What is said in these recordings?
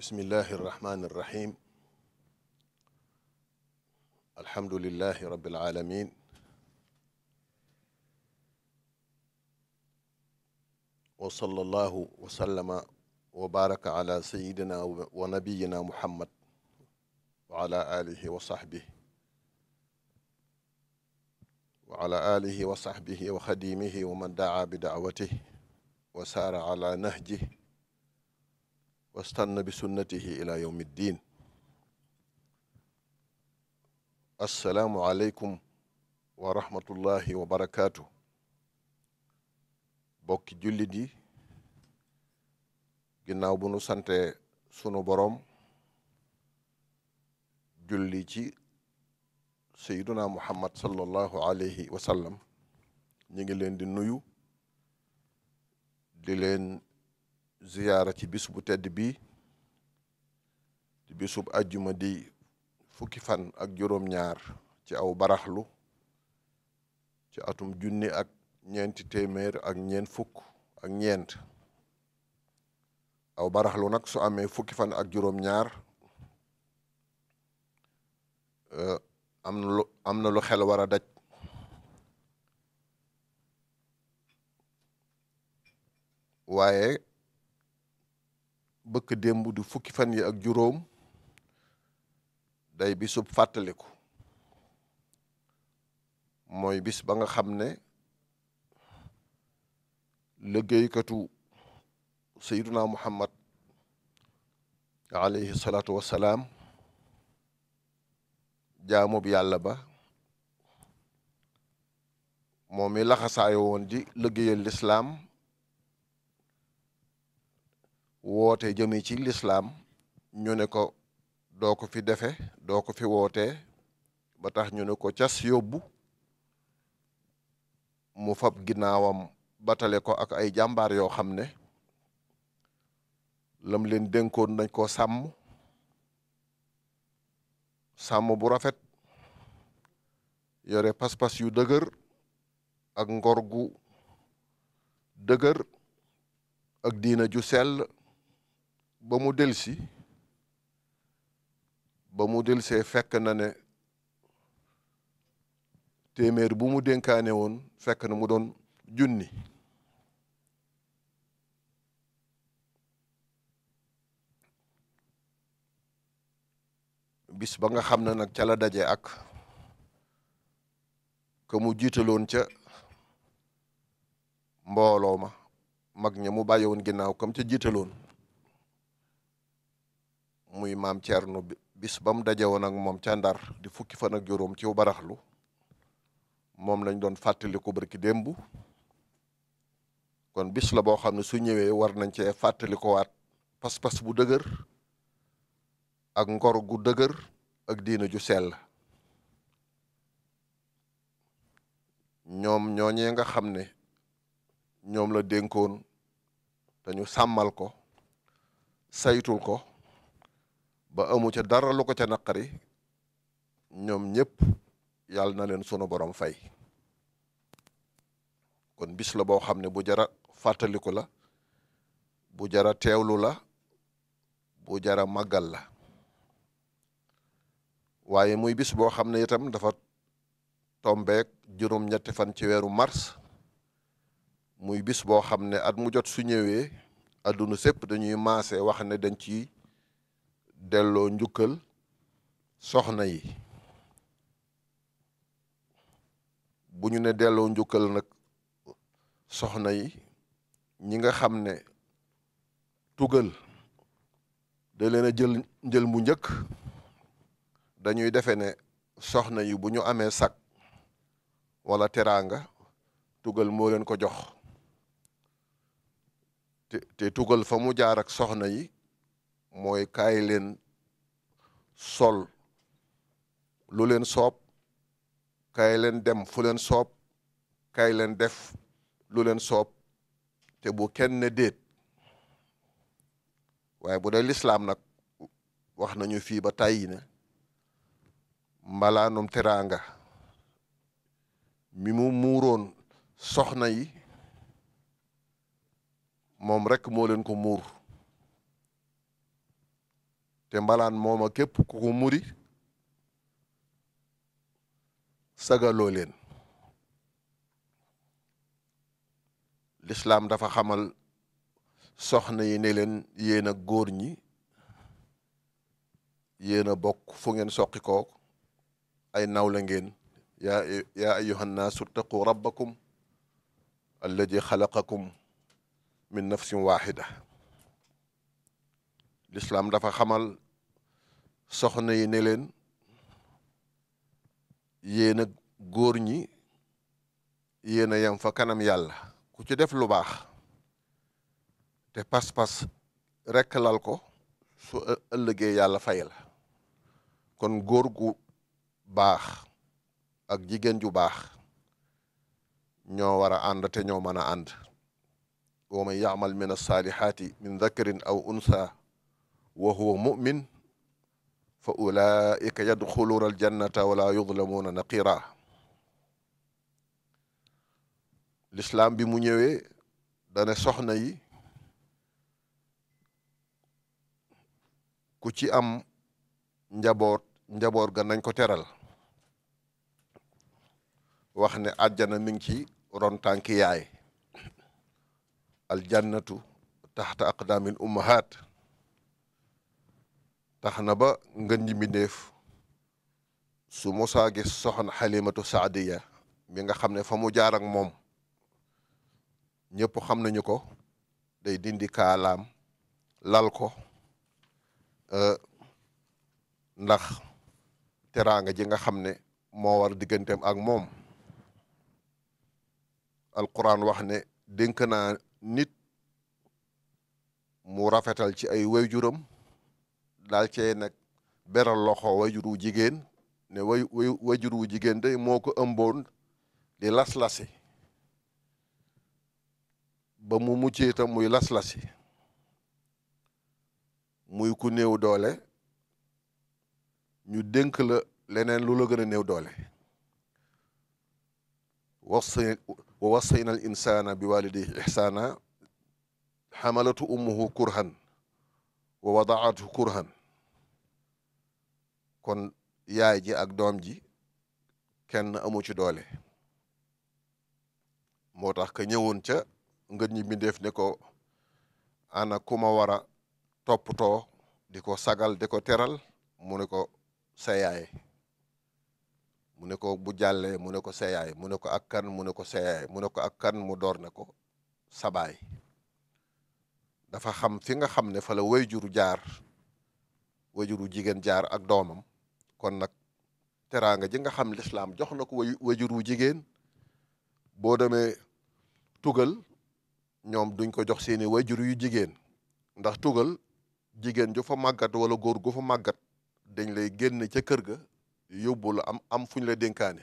bismillahi irrahmani irrahim alhamdulilahi rabbil alamin wa sallallahu wa sallama wa baraka ala sayidina wa nabiyina muhammad wa ala alihi wa sahbihi wa ala alihi wa sahbihi wa xadimihi wa man daa bi daawatihi wa saara ala nahjihi wastanna bi sunnatihi ila yawmi ddin assalaamu aleykum wa rahmatullahi wa barakaatu bokki jullit yi ginnaaw bu nu sante sunu boroom julli ci sayyiduna muhammad sallallahu alayhi wa sallam ñu ngi leen di nuyu di ziyaara ci bis bu tedd bi di bisub ajjuma di fukki fan ak juróom-ñaar ci aw baraxlu ci atum junni ak ñeenti téeméer ak ñeent fukk ak ñeent aw baraxlu nag su amee fukki fan ak juróom-ñaar eh, am na lu am xel war a daj waaye bëkk démb du fukki fan yi ak juróom day bisub fàttaliku mooy bis ba nga xam ne liggéeykatu sayyiduna muhammad alayhi salaatu wassalaam jaamub yàlla ba moom mi laxasaayo woon di liggéeyal lislaam woote jëmee ci lislaam ñu ne ko doo ko fi defee doo ko fi wootee ba tax ñu ne ko cas yóbbu mu fab ginnaawam batale ko ak ay jàmbaar yoo xam ne lam leen dénkoon nañ ko sàmm sàmm bu rafet yore pas-pas yu dëgër ak ngor gu dëgër ak diina ju sell ba mu delsi ba mu delsee fekk na ne téeméer bu mu dénkaane woon fekk na mu doon junni bis ba nga xam ne nag ca daje ak que mu jiitaloon ca mbooloo ma mag ña mu bàyyi woon ginnaaw comme ca jiitaloon muy maam Thierno bis ba mu dajee woon ak moom ca Ndar di fukki fan ak juróom ci baraxlu moom lañ doon fàttali ko barki démb kon bis la boo xam ne su ñëwee war nañ cee fàttali ko waat pas-pas bu dëgër ak ngor gu dëgër ak diina ju sell ñoom ñooñee nga xam ne ñoom la dénkoon dañu sàmmal ko saytul ko ba amu ca dara lu ko ca naqari ñoom ñëpp yàlla na leen sunu borom fay kon bis la boo xam ne bu jara fàttaliku la bu jara teewlu la bu jara màggal la waaye muy bis boo xam ne itam dafa tombeek juróom-ñetti fan ci weeru mars muy bis boo xam ne at mu jot su ñëwee adduna sépp dañuy maase wax ne dañ ci delloo njukkal soxna yi bu ñu ne delloo njukkal nag soxna yi ñi nga xam ne tugal da leen a jël njël mu njëkk dañuy defe ne soxna yi bu ñu amee sag wala teraanga tugal moo ko jox te te tugal fa mu jaarak soxna yi mooy kaay leen sol lu leen soob kaay leen dem fu leen soob kaay leen def lu leen soob te bu kenn ne déet waaye bu dee lislaam nag wax nañu fii ba tàyyi ne mbalaanum teraanga mi mu muuroon soxna yi moom rek moo leen ko muur te mbalaan mooma képp ku ko muri sagaloo leen lislaam dafa xamal soxna yine leen yéen a góor ñi yéen a bokk fu ngeen soqi ay naw la ngeen yaa yaa ayyuhan naasu ttaqu rabbakum alladi xalaqakum min nafsin waxida lislaam dafa xamal soxna yi ne leen yéen a góor ñi yéen a fa kanam yàlla ku ci def lu baax te pas-pas rekk lal ko su ëllëgee yàlla fay la kon góor gu baax ak jigéen ju baax ñoo war a ànd te ñoo mën a ànd wa man yaamal min alsaalihaati min dakarin aw unsa wa huwa mumin fa ulaika yadxuluuna aljannata wala yudlamuuna naqira lislaam bi mu ñëwee dane soxna yi ku ci am njaboot njaboot ga nañ ko teral wax ne àjjana mi ngi ci ron tànki yaay taxta aqdaamil ummahaat tax na ba ngën ji mbindéef su mosaa gis soxna xalimatu saadiya mi nga xam ne fa mu jaar ak moom ñëpp xam nañu ko day dindi kaalaam lal ko euh, ndax teraanga ji nga xam ne moo war digganteem ak moom alquran wax ne dénk naa nit mu rafetal ci ay wayjuram daal cee nag beral loxo wajur wu jigéen ne way wajur wu jigéen de moo ko ëmboon di laslasi ba mu muccee tam muy laslasi muy ku néew doole ñu dénk la leneen lu la gën a néew doole wasa wa wassayna al insana bi walidihi ihsana xamalatu ummuhu kurhan wa kon yaay ji ak doom ji kenn amu ci doole moo tax ka ñëwoon ca ngën ñi mbindeef ne ko ana ku ma war a toppatoo di ko sagal di ko teral mu ne ko sa yaay mu ne ko bu jàllee mu ne ko sa yaay mu ne ko ak kan mu ne ko sa yaay mu ne ko ak kan mu door ne ko sabaay dafa xam fi nga xam ne fa la wayjuru jaar wayjuru jigéen jaar ak doomam kon nag teraanga ji nga xam lislaam jox na ko wajur wu jigéen boo demee tugal ñoom duñ ko jox seeni wajur yu jigéen ndax tugal jigéen ju fa màggat wala góor gu fa màggat dañ lay génn ca kër ga yóbbu am am fuñ dénkaane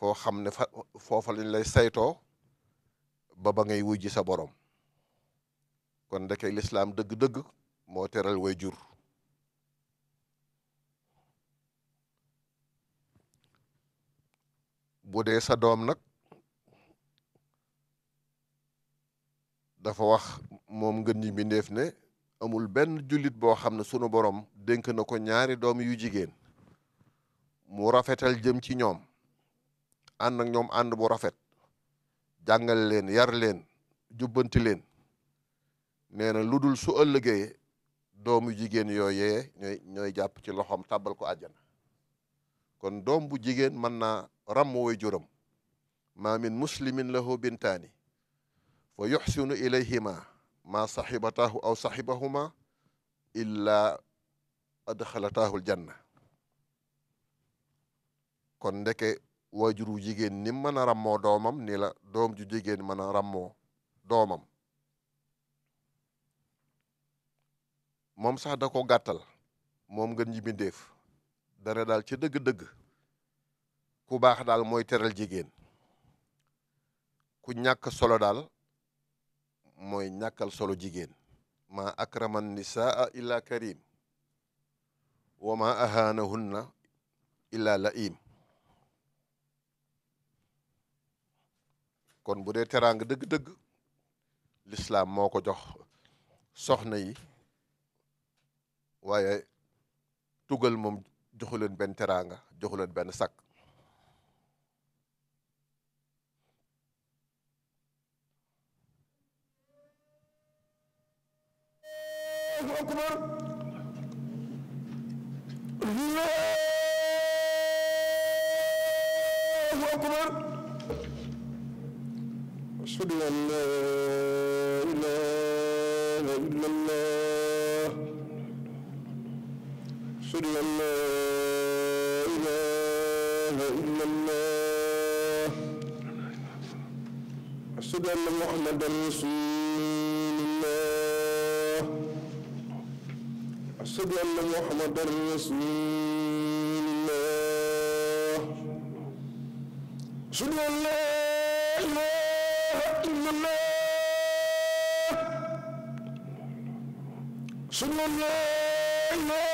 foo xam ne fa foofa lañ lay saytoo baba ngay wuji sa borom kon ndeke lislaam dëgg-dëgg moo teral way jur bu dee sa doom nag dafa wax moom ngën ñi mbindeef ne amul benn jullit boo xam ne sunu borom dénk na ko ñaari doom yu jigéen mu rafetal jëm ci ñoom ànd ak ñoom ànd bu rafet jàngal leen yar leen jubbanti leen nee na lu dul su ëllëgee doomu jigéen yooyee ñooy ñooy jàpp ci loxoom tàbbal ko àjjana kon doom bu jigéen mën na ràmm way juram maa min muslimin lahu bintaani fa yuxsinu ilayhima maa saxibatahu aw saxibahuma illaa adxalataahul janna kon ndeke waajur wu jigéen ni mën a ràmmoo doomam ni la doom ju jigéen mën a ràmmoo doomam moom sax da ko gàttal moom ngeen ji dana daal ci dëgg-dëgg ku baax daal mooy teral jigéen ku ñàkk solo daal mooy ñàkkal solo jigéen ma akraman nisaa illa karim wa ma ahanahunna illa laim kon bu dee teraanga dëgg-dëgg lislaam moo ko jox soxna yi waaye tugal moom joxu leen benn teraanga joxu leen benn sakk أشهد أن لا إله واشهد ان لا اله الا الله اشهد ان محمدا رسول الله اشهد ان محمدا رسول الله اشهد ان لا اله الا الله اشهد ان لا اله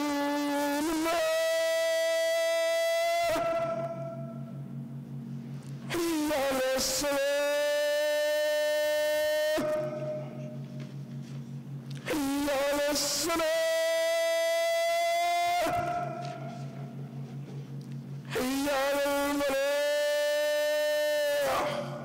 waaw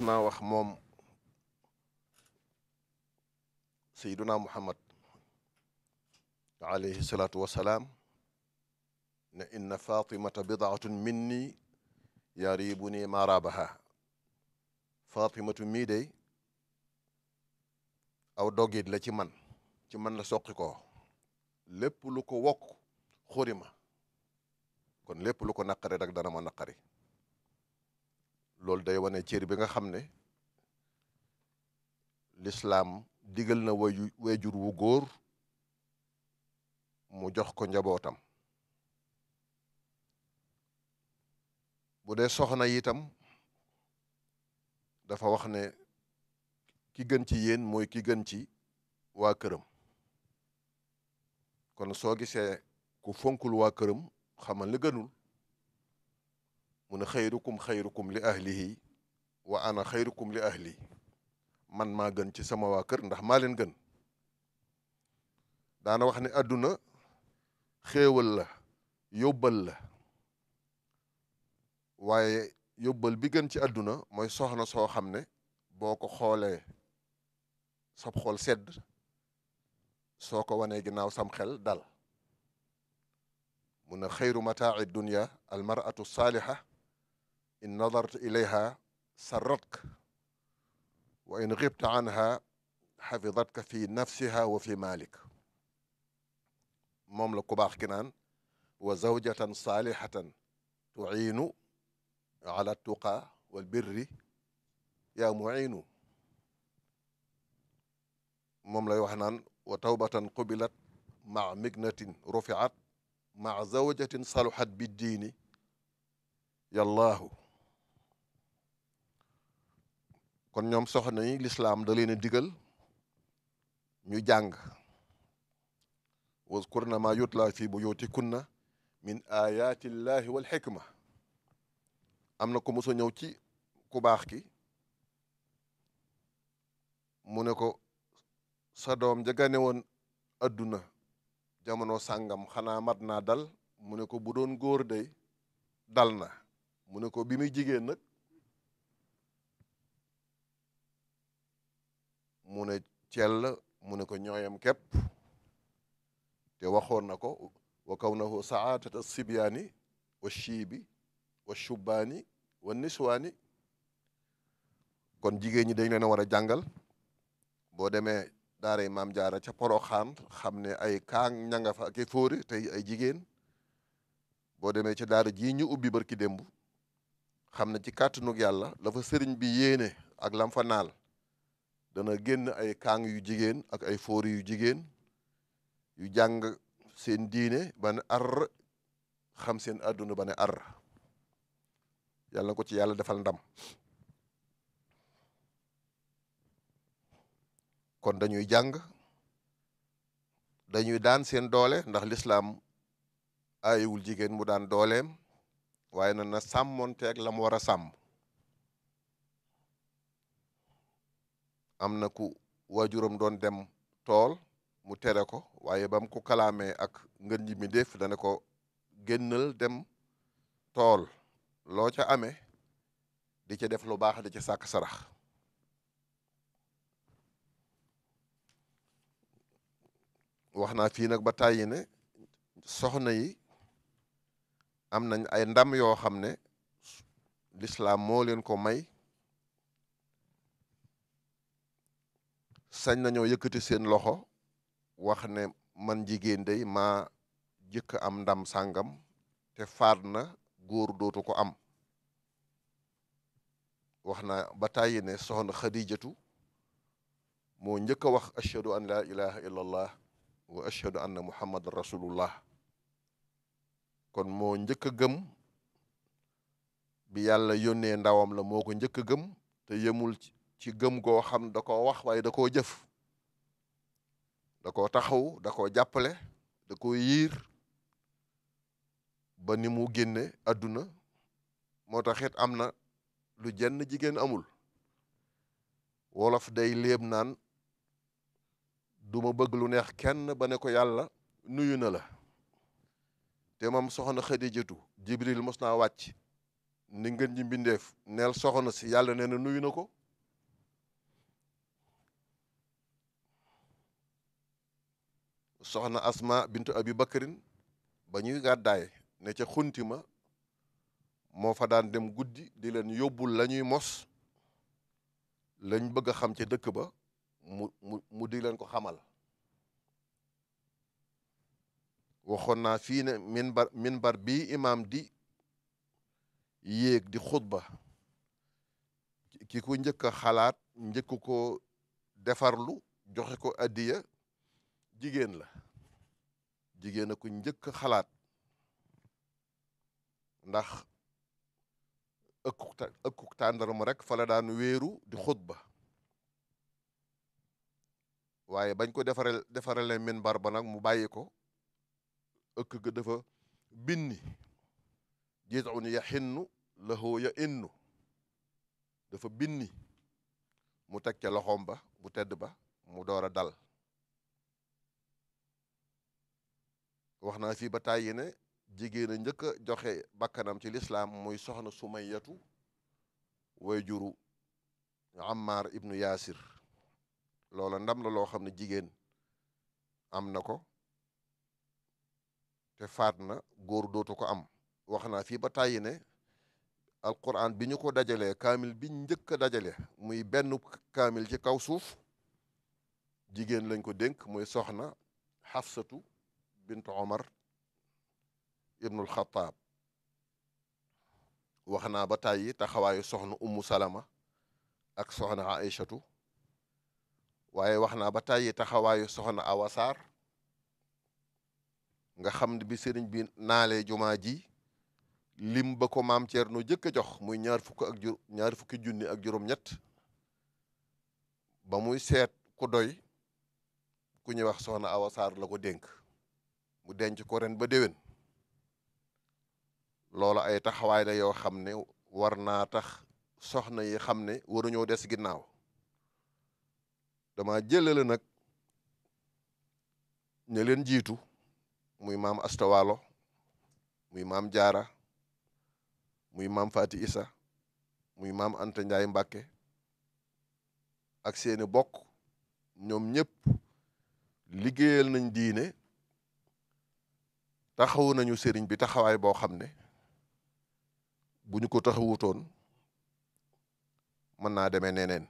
mas naa wax moom sayduna muhammad alayhi salaatu wassalaam ne inna fatimata bidaatun minni yaribu ni maarabaha fatimatu mii day aw doggit la ci man ci man la soqi koo lépp lu ko wokk xurima kon lépp lu ko naqari rek dana ma naqari loolu day wane cër bi nga xam ne lislaam digal na wayu wayjur wu góor mu jox ko njabootam bu dee soxna itam dafa wax ne ki gën ci yéen mooy ki gën ci waa këram kon soo gisee ku fonkul waa këram xamal li gënul mu ne xayrukum xayrukum li ahlihi wa ana xayrukum li ahli man maa gën ci sama wa kër ndax maa leen gën daana wax ne àdduna xéewal la yóbbal la waaye yóbbal bi gën ci àdduna mooy soxna soo xam ne boo ko xoolee sab xool sedd soo ko wanee ginnaaw sam xel dal mu ne xayru mataaci dunya almaratu saaliha in nadartu ilayha sarratka wa in xibta anha xafidatka fi nafsiha wa fi malik moom la ku baax ki naan wa zawjatan saalihatan tuiinu ala tuqa wal birri yaa muiinu moom lay wax naan wa tawbatan qubilat ma mignatin rufiat ma zawjatin saluhat biddiini yallaahu kon ñoom soxna yi lislaam da leen a digal ñu jàng waskurna ma yutla fi buyutikunna min ayati llahi wal xikma am na ko mosa ñëw ci ku baax ki mu ne ko sa doom jagane woon adduna jamono sàngam xanaa mat naa dal mu ne ko bu doon góor day dal na mu ne ko bi muy jigéen nag mu ne cell mu ne ko ñooyam képp te waxoon na ko wa kawnahu saatata sibyaani wa shiibi wa shubbaani wa niswaani kon jigéen ñi dañ leen a war a jàngal boo demee daaray maam jaara ca poroxaan xam ne ay kaang ñanga fa ak i fóori tey ay jigéen boo demee ci daara jii ñu ubbi barki démb xam ne ci kàttanug yàlla la fa sëriñ bi yéene ak lam fa naal dana génn ay kàng yu jigéen ak ay fóori yu jigéen yu jàng seen diine ba ne xam seen àdduna ba ne ar yàlla ko ci yàlla defal ndam kon dañuy jàng dañuy daan seen doole ndax lislaam ayiwul jigéen mu daan dooleem waaye na na sàmmoonteeg la mu war a sàmm am na ku waajuram doon dem tool mu tere ko waaye bam ku kalaamee ak ngën ji def dana ko génnal dem tool loo ca amee di ca def lu baax di ca sàkk sarax wax naa fii nag ba tàyyi ne soxna yi am nañ ay ndam yoo xam ne lislaam moo leen ko may sañ nañoo yëkkati seen loxo wax ne man jigéen day maa jëkk am ndam sàngam te faat na góor dootu ko am wax na ba tàyyi ne soxna xadijatu moo njëkk wax ashhadu an laa ilaha illa allah wa ashhadu anna muhammadan rasulullah kon mo njëkk a bi yàlla yónnee ndawam la moo ko njëkk a gëm te yemul ci ci gëm goo xam da koo wax waaye da koo jëf da koo taxaw da koo jàppale da koo yiir ba ni mu génne àdduna moo taxit am na lu jenn jigéen amul wolof day léeb naan du ma bëgg lu neex kenn ba ne ko yàlla nuyu na la te moom soxna Xadijatu Jibril mos naa wàcc ni ngeen ji mbindeef neel na si yàlla nee na nuyu na ko soxna asma bintu abi bakarin ba ñuy gàddaay ne ca xuntima ma moo fa daan dem guddi di leen yóbbul la mos lañ bëgg a xam ca dëkk ba mu mu mu di leen ko xamal waxoon naa fii ne minbar minbar bi imaam di yéeg di xutba ki ko njëkk xalaat njëkk ko defarlu joxe ko addiya jigéen la jigéen a ku njëkk xalaat ndax ëkkuk ëkkuk tàndaram rek fa la daan wéeru di xutba waaye bañ ko defaree defarale minbar ba nag mu bàyyi ko ëkk ga dafa binni jizun ya xinnu lahoo ya innu dafa binni mu teg ca loxoom ba bu tedd ba mu door a dal wax naa fii ba tàyyi ne jigéen a njëkk a joxe bakkanam ci lislaam muy soxna sumayatu way juru ammar ibnu yaasir loola ndam la loo xam ne jigéen am na ko te faat na góor dootu ko am wax naa fii ba tàyyi ne alquran bi ñu ko dajalee kaamil bi njëkk a dajale muy benn kaamil ci kaw suuf jigéen lañ ko dénk muy soxna xafsatu bint Omar ibnul Xataab wax naa ba tàyyi taxawaayu soxna ummu salama ak soxna aïchatu waaye wax naa ba tàyyi taxawaayu soxna awasar nga xam ne bi sëriñ bi naalee jumaa ji lim ba ko maam Ceerno jëkk a jox muy ñaar fukk fukki junni ak juróom-ñett ba muy seet ku doy ku ñuy wax soxna awasaar la ko dénk mu denc ko ren ba déwén loolu ay taxawaay la yoo xam ne war naa tax soxna yi xam ne waruñoo des ginnaaw dama jëlale nag ña leen jiitu muy maam Astawalo muy maam Jaara muy maam Fati Isa muy maam Anta Njaay Mbàkke ak seeni bokk ñoom ñëpp liggéeyal nañ diine taxawu nañu seriñ bi taxawaay boo xam ne bu ñu ko taxawutoon mën naa demee neneen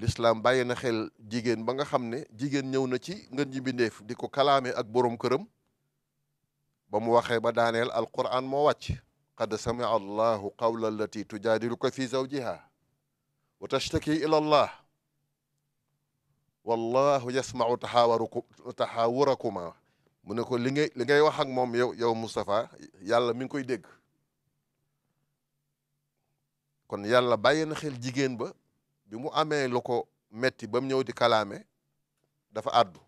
lislaam bàyyi na xel jigéen ba nga xam ne jigéen ñëw na ci nga ji mbindeef di ko kalaame ak boroom këram ba mu waxee ba daaneel alquran mo wàcc qad samia allahu qawla allati tujaadiluka fi zawjiha wa tashtaki ila mu ne ko li ngay li ngay wax ak moom yow yow Moustapha yàlla mi ngi koy dégg kon yàlla bàyyi na xel jigéen ba bi mu amee lu ko metti bam mu ñëw di kalaame dafa àddu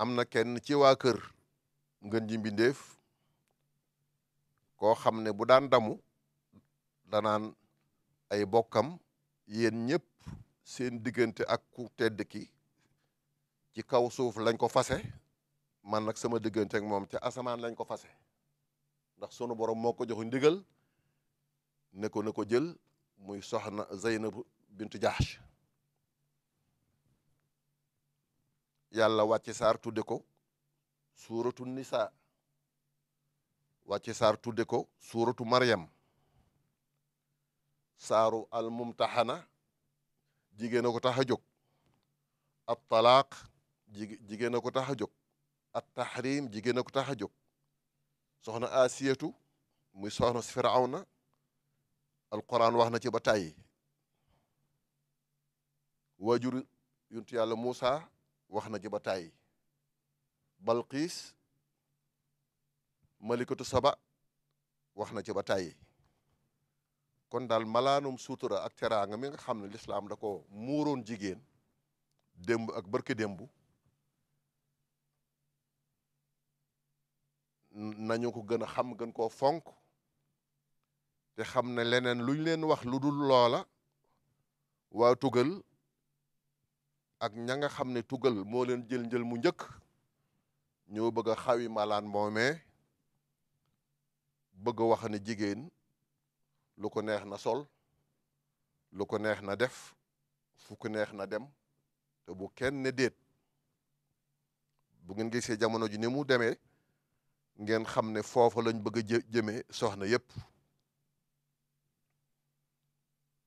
am na kenn ci waa kër ngën ji mbindeef koo xam ne bu daan damu danaan ay bokkam yéen ñëpp seen diggante ak ku tedd ki ci kaw suuf lañ ko fase man nag sama diggante ak moom ca asamaan lañ ko fase ndax sunu borom moo ko jox ndigal ne ko ko jël muy soxna Zeynab bintu Jahsh yàlla wàcce saar tudde ko suuratu nisa wàcce saar tudde ko suuratu mariyam saaru al mumtahana jigéen a ko tax a jóg at talaaq jigéen a ko tax a jóg at tahrim jigéen a ko tax a jóg soxna asiyatu muy soxna si firawna alquran wax na ci ba tàyyi waajur yuntu yàlla musa wax na ci ba tàyyi balqiis malikatu saba wax na ci ba tàyyi kon daal malaanum suutura ak teraanga mi nga xam ne lislaam da ko muuroon jigéen démb ak barki démb nañu ko gën a xam gën koo fonk te xam ne leneen luñ leen wax lu dul loola waa tugal ak ña nga xam ne tugal moo leen jël njël mu njëkk ñu bëgg a xawi malaan moomee bëgg a wax ne jigéen lu ko neex na sol lu ko neex na def fu neex na dem te bu kenn ne déet bu ngeen gisee jamono ji ni mu demee ngeen xam ne foofa lañ bëgg a jëme soxna yépp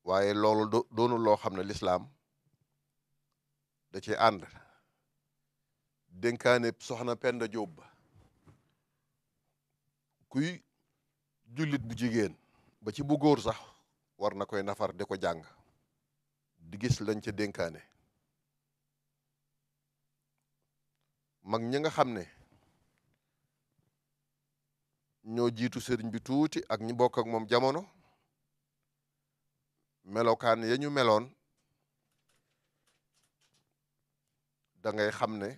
waaye loolu doonul loo xam ne lislaam da ci ànd dénkaane soxna Penda Jóob ba kuy jullit bu jigéen ba ci bu góor sax war na koy nafar di ko jàng di gis lañ ca dénkaane mag ñi nga xam ne ñoo jiitu sëriñ bi tuuti ak ñi bokk ak moom jamono melokaan ya ñu meloon da ngay xam ne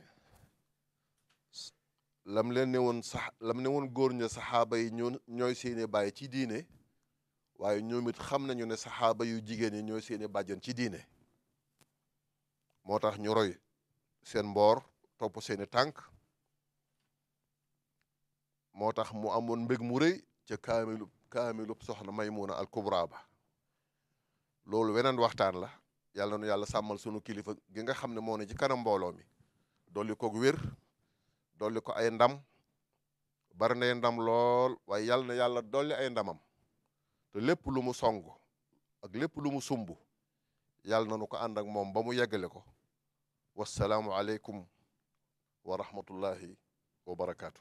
lam leen woon lam ne woon góor ña saxaaba yi ñoo ñooy seeni bàyyi ci diine waaye ñoom xam nañu ne saxaaba yu jigéen ñi ñooy seeni bàjjen ci diine moo tax ñu roy seen mboor topp seeni tànk moo tax mu amoon mbég mu rëy ca kaamilub kaamilub soxna Maymuna al Kubra ba loolu weneen waxtaan la yàlla nu yàlla sàmmal sunu kilifa gi nga xam ne moo ne ci kanam mbooloo mi dolli ko wér dolli ko ay ndam bari nay ndam lool waaye yàlla na yàlla dolli ay ndamam te lépp lu mu song ak lépp lu mu sumb yàlla na nu ko ànd ak moom ba mu yeggale ko wasalaamu aleykum wa rahmatullahi wa barakaatu.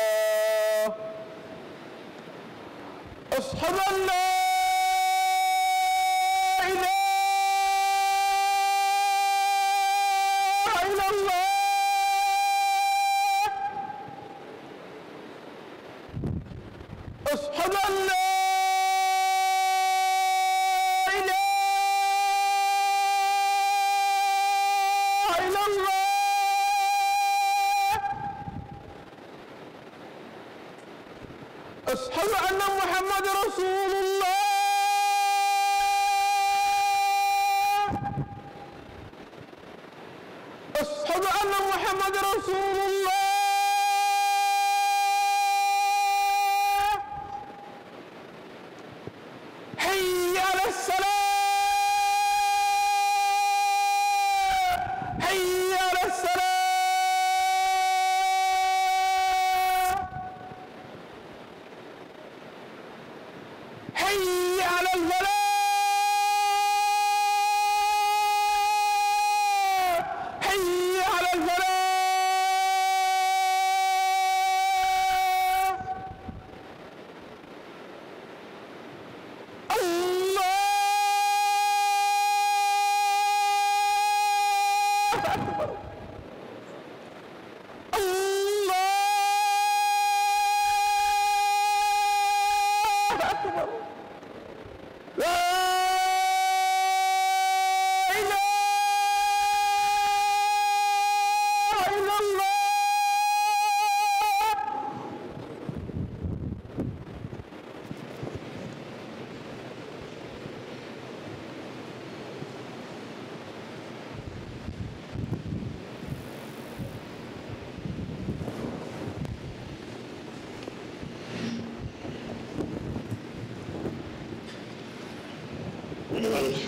الله أشهد أن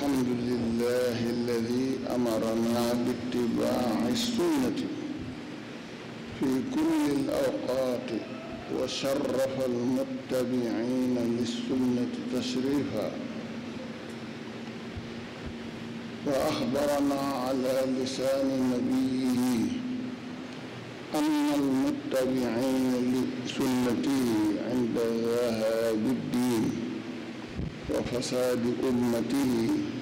الحمد لله الذي أمرنا باتباع السنة في كل الأوقات وشرف المتبعين للسنة تشريفا وأخبرنا على لسان نبيه أن المتبعين لسنته عند ذهاب الدين وفساد أمته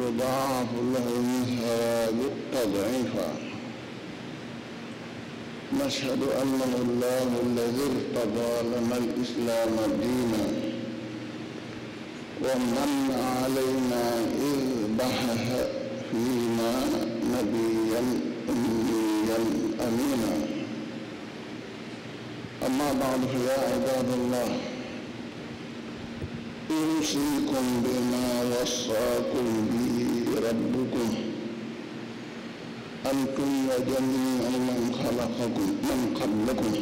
يضاعف له الثواب تضعيفا نشهد أنه الله الذي ارتضى لنا الإسلام دينا ومن علينا إذ بحث فينا نبيا أميا أمينا أما بعد فيا عباد الله أوصيكم بما وصاكم به ربكم أنتم وجميع من خلقكم من قبلكم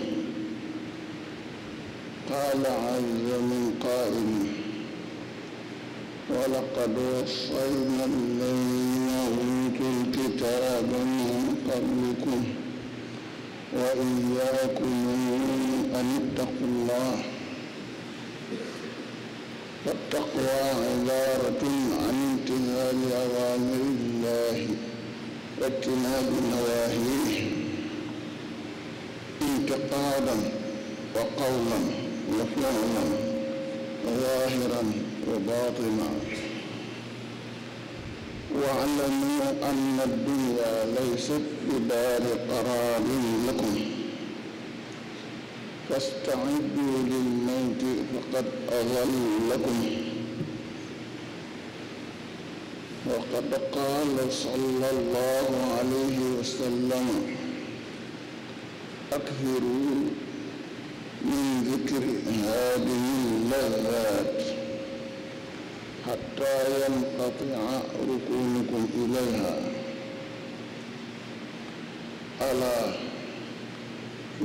قال عز من قائل ولقد وصينا الذين أوتوا الكتاب من قبلكم وإياكم أن اتقوا الله والتقوى عبارة عن امتثال أوامر الله واجتناب نواهيه انتقادا وقولا وفعلا وظاهرا وباطنا واعلموا أن الدنيا ليست بدار قرار لكم fasta'iddu lil-mayti faqad adhallakum wa qad qaala sallallahu alayhi wa sallam akthiruu min dhikri haadihi al-ladhaat hattaa yanqati'a rukuunukum ilayhaa alaa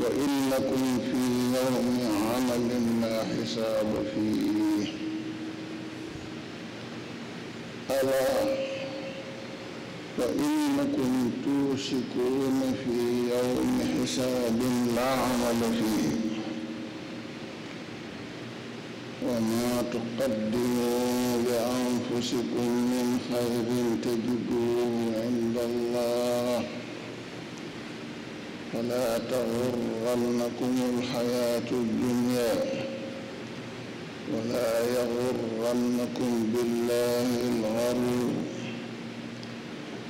وإنكم في يوم عمل لا حساب فيه ألا وإنكم توشكون في يوم حساب لا عمل فيه وما تقدموا لأنفسكم من خير تجدوه عند الله ولا تغرنكم الحياة الدنيا ولا يغرنكم بالله الغرور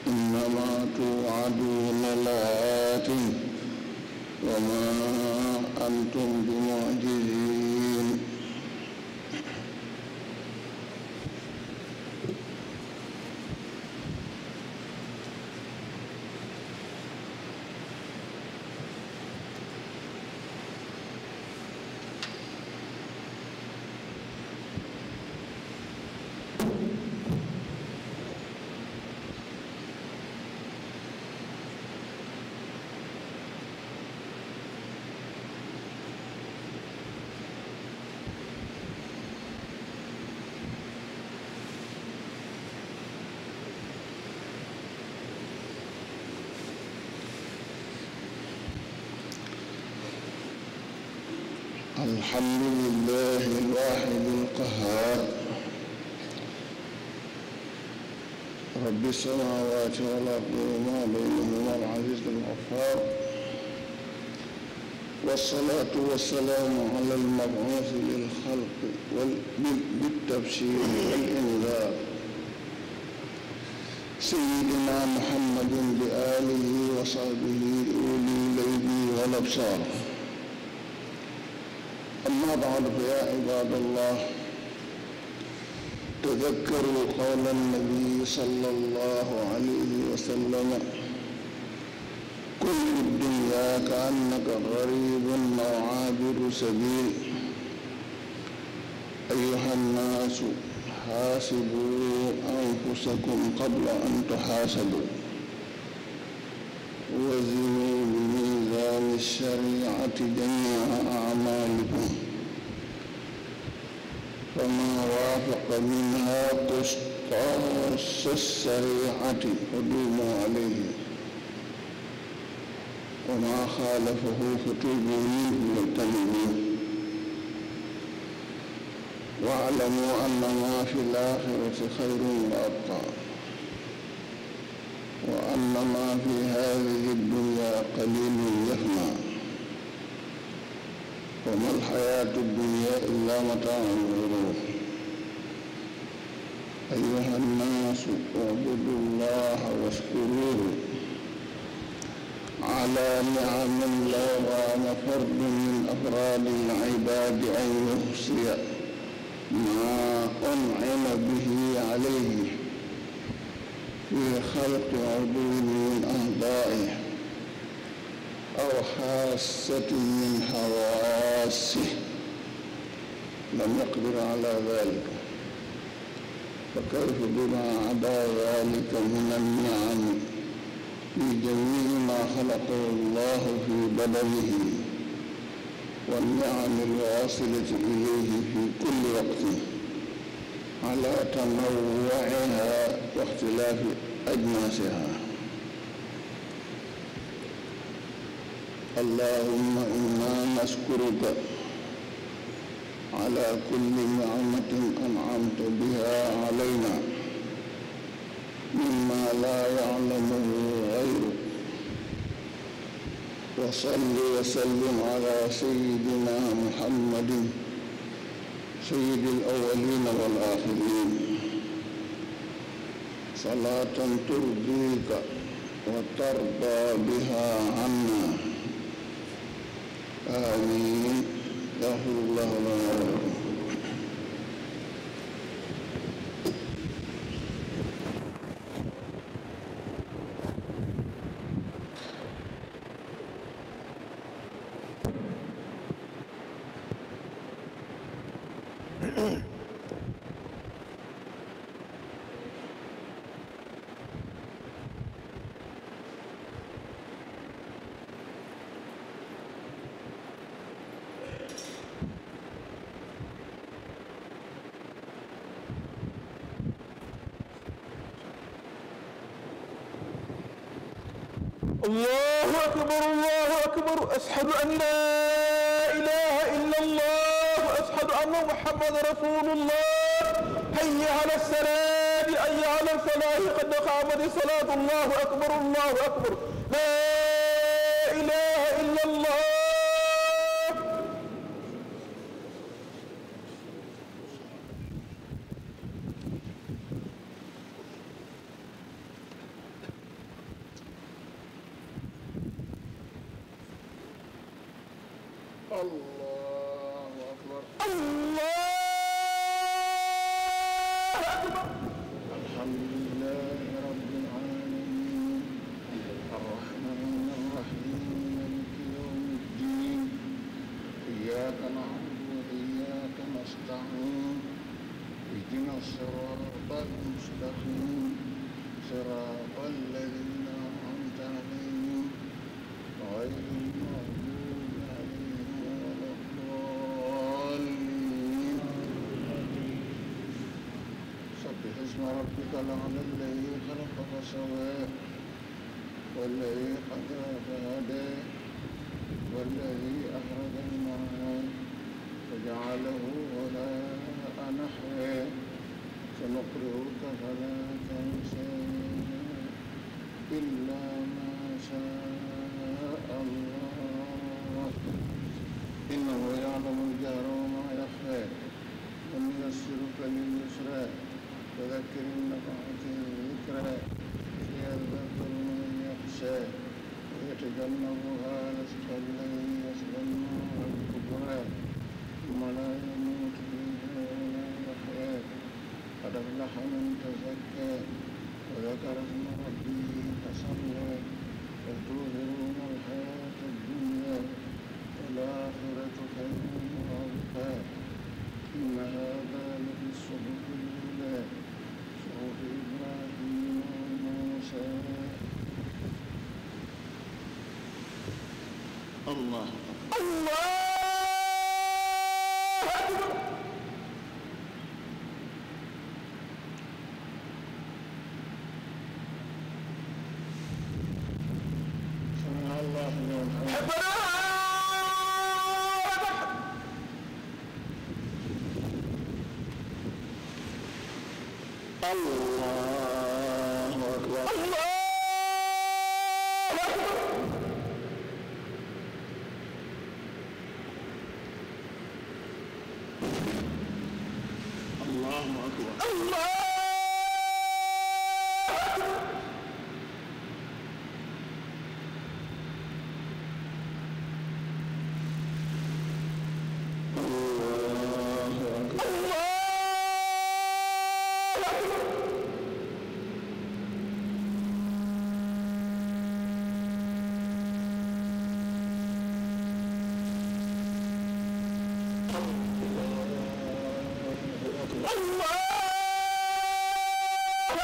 إنما توعدون لآت وما أنتم بمعجزين الحمد لله الواحد القهار رب السماوات والأرض وما بينهما العزيز الغفار والصلاة والسلام على المبعوث للخلق بالتبشير والإنذار سيدنا محمد بآله وصحبه أولي الأيدي والأبصار أما بعد فيا عباد الله تذكروا قول النبي صلى الله عليه وسلم كل الدنيا كأنك غريب أو عابر سبيل أيها الناس حاسبوا أنفسكم قبل أن تحاسبوا وزنوا بميزان الشريعة جميع أعمالكم فما وافق منها قسطاس السريعة قدوموا عليه وما خالفه فتوبوا منه واجتنبوه واعلموا أن ما في الآخرة خير وأبقى وأن ما في هذه الدنيا قليل يفنى وما الحياة الدنيا إلا متاع الغرور أيها الناس اعبدوا الله واشكروه على نعم الله وعلى فرض من أفراد العباد أن يحصي ما أنعم به عليه في خلق عدول من أعضائه أو حاسة من حواسه لم يقدر على ذلك فكيف بما عدا ذلك من النعم في جميع ما خلقه الله في بدنه والنعم الواصلة إليه في كل وقت على تنوعها واختلاف أجناسها اللهم إنا نشكرك على كل نعمة أنعمت بها علينا مما لا يعلمه غيرك وصل وسلم على سيدنا محمد سيد الأولين والآخرين صلاة ترضيك وترضى بها عنا آمين لا حول الله ولا قوة allahu akbar allahu akbar ashhadu an la ilaha illa allah ashhadu anna muhammadan rasulullah hayya ala salaati hayya ala falaah qad qaamat salaatu allahu akbar allahu akbar إلا ما شاء الله إنه يعلم الجهر وما يخفى ونيسرك لليسرى فذكر إن نفعته الذكرى ليذكر من يخشى ويتجنبها الأشقى الذي يصلى النار الكبرى ثم لا يموت فيها ولا يحيا قد أفلح من تزكى وذكر اسمه تسموا وتؤثرون الحياة الدنيا والآخرة خير وأبقى إن هذا لفي الصحف الأولى صحف إبراهيم وموسى الله الله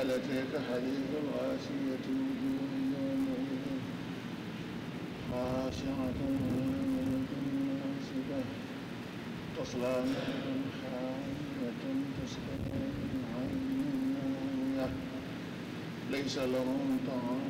هل أتيك حديث الغاشية وجوه يومئذ خاشعة منصبة تصلى نارا حامية تسقى من عين ليس لهم طعام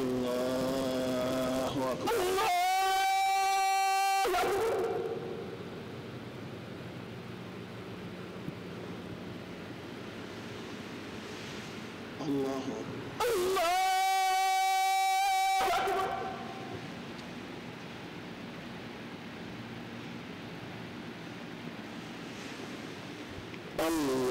man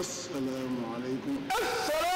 asalaamaaleykum